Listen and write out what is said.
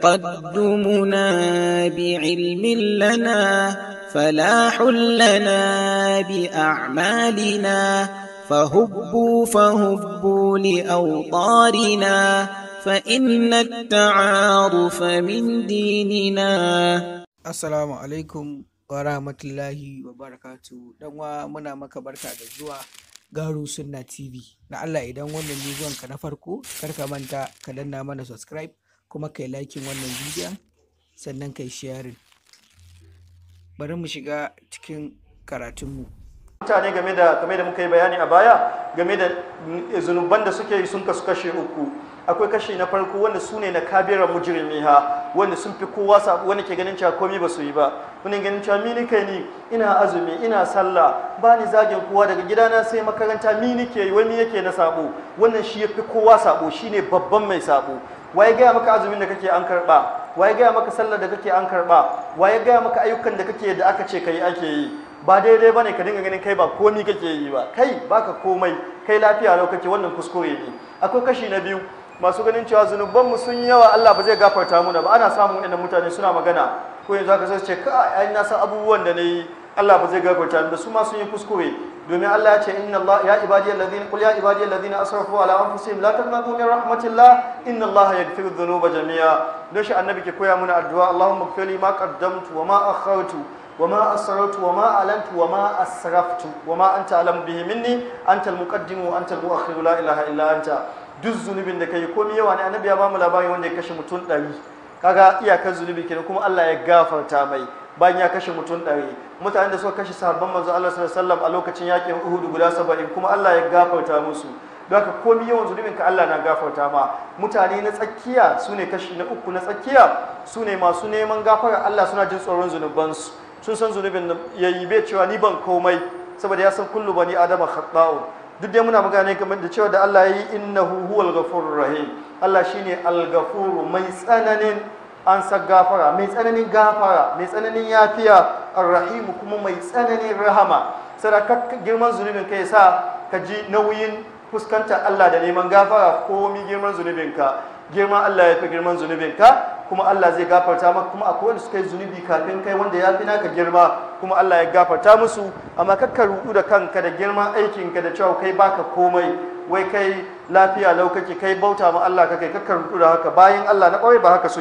تقدمنا بعلم لنا فلاح لنا بأعمالنا فهبوا فهبوا لأوطارنا فإن التعارف من ديننا السلام عليكم ورحمة الله وبركاته دعوة منا مكبرك الزواج Garu Sunna TV. Na Allah idan wannan ne zuwanka na farko, kar ka manta ka danna mana subscribe kuma kai liking wannan bidiyon sannan kai sharing bari mu shiga cikin karatunmu mutane game da kamar da muka yi bayani a baya game da zunuban da suke sun kasu kashe uku akwai kashe na farko wanda su ne na kabira mujrimi ha wanda sun fi kowa wanda ke ganin cewa komai ba su yi ba wani ganin cewa mini kai ni ina azumi ina sallah ba ni zagin kowa daga gidana sai makaranta mini ke wani yake na sabo wannan shi ya fi kowa sabo shine babban mai sabo waye gaya maka azumin da kake an Wa waye gaya maka sallar da kake an Wa waye gaya maka ayyukan da kake da aka ce kai ake yi ba daidai ne ka dinga ganin kai ba komi kake yi ba kai baka komai kai lafiya lau kake wannan kuskure ne akwai kashi na biyu masu ganin cewa zunubanmu sun yi yawa Allah ba zai gafarta muna ba ana samun inda mutane suna magana ko yanzu aka sai ce ka ai na san abubuwan da nayi Allah ba zai gafarta mu da su ma sun yi kuskure domin Allah ya ce inna Allah ya ibadiyal ladina qul ya ibadiyal ladina asrafu ala anfusihim la taqnatu min rahmatillah inna Allah yaghfiru dhunuba jami'a don shi annabi ke koya mana addu'a Allahumma ighfirli ma qaddamtu wa ma akhartu wa ma asrartu wa ma alantu wa ma asraftu wa ma anta alam bihi minni antal wa antal muakhiru la ilaha illa anta duk zunubin da kai komai yawa ne annabi ya ba mu labari wanda ya kashe mutum ɗari kaga iyakar zunubi kenan kuma Allah ya gafarta mai bayan ya kashe mutum ɗari mutanen da suka kashe sahabban manzo Allah sallallahu alaihi wasallam a lokacin yakin Uhud guda 70 kuma Allah ya gafarta musu don haka komai yawan zunubin ka Allah na gafarta ma mutane na tsakiya sune kashi na uku na tsakiya sune masu neman gafara Allah suna jin tsoron su. sun san zunubin ya yi bai cewa ni ban komai saboda ya san kullu bani adama khata'u duk dai muna magana kamar da cewa da Allah ya yi innahu huwal ghafurur rahim Allah shine al-ghafuru mai tsananin an sa gafara mai tsananin gafara mai tsananin yafiya ar-rahim kuma mai tsananin rahama ka girman zunubin kai sa ka ji nauyin Fuskanta Allah da neman gafara komi girman zunubinka girman Allah ya fi girman zunubinka kuma Allah zai gafarta maka kuma akwai wanda suka yi zunubi kafin kai wanda ya fi naka girma kuma Allah ya gafarta musu amma kakka rudu da kanka da girman aikinka da cewa kai baka komai wai kai lafiya lau kake kai bauta ma Allah kake kakka rudu da haka bayan Allah na kwarai ba haka su